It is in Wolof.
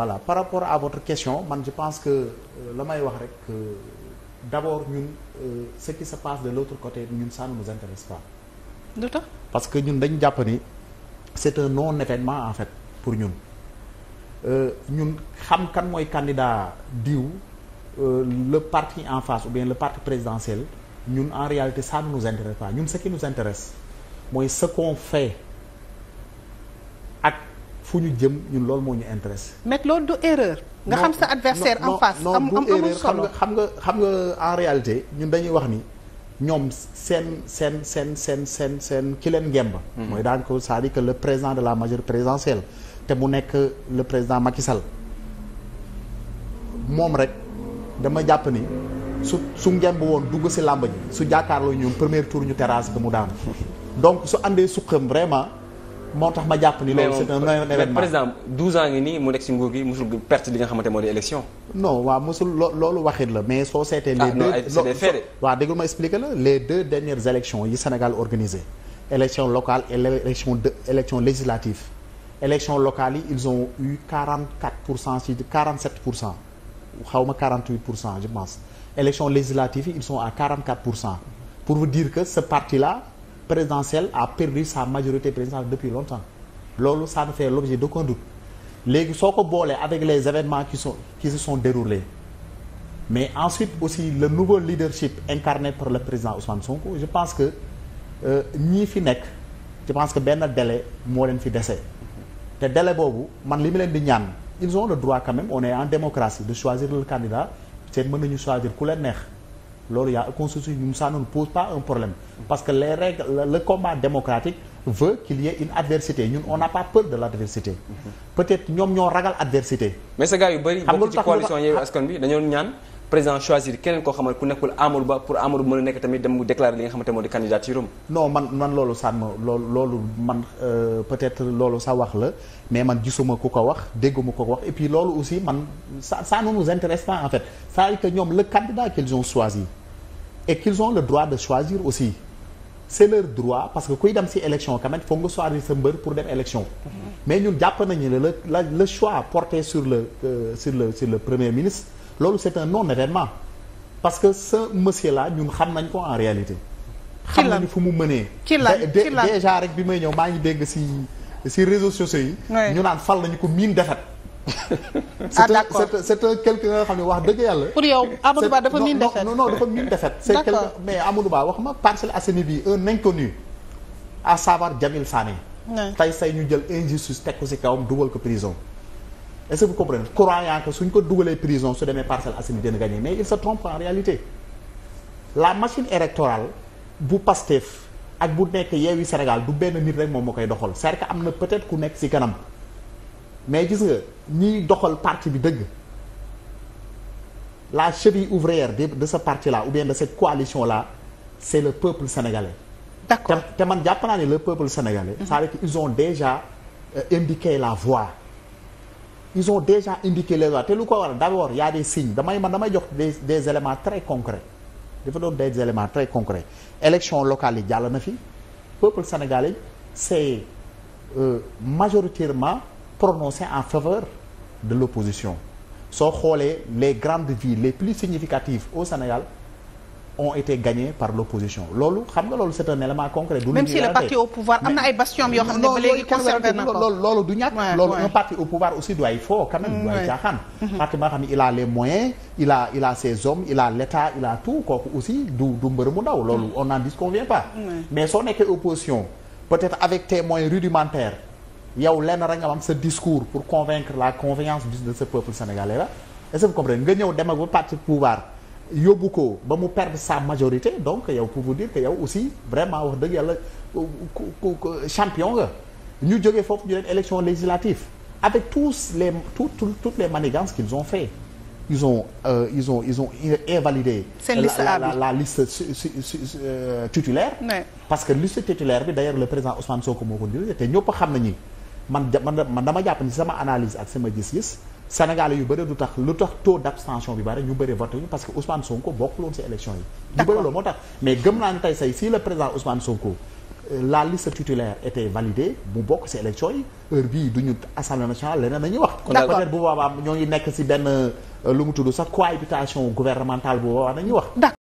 voilà par rapport à votre question man je pense que euh, la may wax rek d' abord ñun euh, ce qui se passe de l' autre côté ñun ça ne nous pas. lu tax parce que ñun dañu jàpp ni est un non événement en fait pour ñun euh, ñun xam kan mooy candidat diw le parti en face ou bien le parti présidentiel ñun en réalité ça ne nous intéresse pas ñun ce qui nous intéresse mooy ce qu'on fait. fu ñu jëm ñun loolu moo ñu intéressé. mais loolu du erreur. nga xam sa adversaire en face. am xam nga xam nga en réalité ñun dañuy wax ni ñoom seen seen seen seen seen seen ki leen ngemb. Hmm. mooy daan ko cest à que le président de la majorité présidentielle te mu nekk le président Macky Sall moom rek dama jàpp ni su su ngemb woon dugg si làmb ji su jàkkaarloo ñoom premier tour ñu terrasse ko mu daan donc su àndee suqam vraiment. moo tax ma jàpp ni loolu c'est un événement président 12 ans ngi nii mu nekk ci nguur gi musul perte li nga xamante moo di élection non waaw musul loolu waxit la mais soo seetee les ah, deux waaw déggul ma expliqué la les deux dernières élections yi Sénégal organisé élection locale et l'élection de élection législative élection yi ils ont eu 44 pour cent ci 47 pour cent xaw ma 48 pour cent je pense élection législative yi ils sont à 44 pour cent pour vous dire que ce présidentielle a perdu sa majorité présidentielle depuis longtemps loolu ça ne fait l'objet d'aucun doute léegi soo ko boolee avec les événements qui sont qui se sont déroulés mais ensuite aussi le nouveau leadership incarné par le président Ousmane Sonko je pense que euh, ñii fi nekk je pense que benn délai moo leen fi dese te dele boobu man li mu leen di ñaan ils ont le droit quand même on est en démocratie de choisir le candidat seen mën nañu choisir ku leen neex loolu y a un consensus ñun ça ne nous pose pas un problème parce que les règles le combat démocratique veut qu'il y ait une adversité ñun on n'a pas peur de l'adversité peut-être ñoom ñoo ragal adversité mais sa gars yu bëri bokk ci coalition Yewwi Askan Wi dañoo ñaan président choisir keneen koo xamante ku nekkul Amadou Ba pour Amadou mën a nekk tamit dem mu déclarer li nga xamante moo di candidature am non man man loolu sàmm loolu loolu man euh, peut-être loolu sa wax la mais man gisuma ku ko wax dégguma ko wax et loolu aussi man ça ça ne nous intéresse fait c'est-à-dire que et qu'ils ont le droit de choisir aussi c'est leur droit parce que kuy dem si élection quand même foog nga choisir sa mbër pour dem élection mais ñun jàpp nañu ne la la le choix porté sur le euh, sur le sur le premier ministre loolu c'est un non événement parce que ce monsieur la ñun xam nañ ko en réalité xam nañu fu mu mënee déjà rek bi may ñëw maa ngi dégg si ci réseaux sociaux yi ñu naan fal nañu ko miin defet ah d'accord c'est quelqu'un nga xam ne wax dëgg yàlla. pour yow Amadou Ba dafa miin défaite non non c'est quelqu'un mais Amadou Ba wax ma Parcelles Assainies bi un inconnu à savoir Jamil Sané. tey say ñu jël injustice teg ko ci kawam dugal ko prison. est-ce que vous comprenez croyant que suñ ko dugalee prison su demee Parcelles Assainies dina gagné mais il se trompe en réalité la machine électorale bu Pastef ak bu nekk Yewwi Sénégal du benn nit rek moom moo koy doxal cest am na peut-être ku nekk ci kanam. mais gis nga ñiy doxal parti bi dëgg la cheville ouvrière de de ce parti là ou bien de cette coalition là c' est le peuple sénégalais. d' accord te man jàpp naa ne le peuple sénégalais. Mhm. c' est à dire ils ont déjà euh, indiqué la voie. ils ont déjà indiqué les voies te lu ko war d' abord y' a damay man damay jox des des éléments très concrets dafa doon des éléments très concrets élection locale yi jàll na fi peuple sénégalais c' est euh, majoritairement. prononcé en faveur de l'opposition soo xoolee les grandes villes les plus significatives au Sénégal ont été gagnées par l'opposition loolu xam nga loolu c'est un concret. du même si am na ay bastions yoo xam ne ba léegi conservé na ko loolu du ñàkk. loolu un parti au pouvoir aussi doy foo quand même. doy caaxaan. parti ba nga il a les moyens il a il a ses hommes il a l'État il a tout kooku aussi du du mbër mu ndaw loolu mm. on n'en disconvient mais soo nekkee opposition peut-être avec tes moyens rudimentaires. yow lenn rek nga am sa discours pour convaincre la confiance de ce peuple sénégalais est-ce que vous nga ñëw dem ak ba parti pouvoir yóbbu ko ba mu perdre sa majorité donc yow pour vous dire que yow aussi vraiment wax dëgg yàlla champion nga ñu jóge foofu ñu dem élection législative avec tous les tout toutes les manigances qu'ils ont fait ils ont euh, ils ont ils ont invalidé la la, la la liste su, su, su, euh, titulaire ouais. parce que liste titulaire bi d'ailleurs le président Ousmane Sonko moo te ñëpp xam nañu man man dama jàpp ni sama analyse ak sama gis-gis Sénégalais yu bëri du tax lu tax taux d'abstention bi bari ñu bëri voté parce que Ousmane Sonko bokkul woon ci élection yi. d' accord ñu bëri moo tax mais gëm naa ni tey say si le président Ousmane Sonko. Euh, la liste titulaire était validée mu bokk ci élection yi heure bii du ñu assemblée nationale leneen wax. d' accord peut bu boobaa ñoo ngi nekk si benn euh, lu mu tudd sax cohabitation gouvernementale bu boobaa nañuy wax.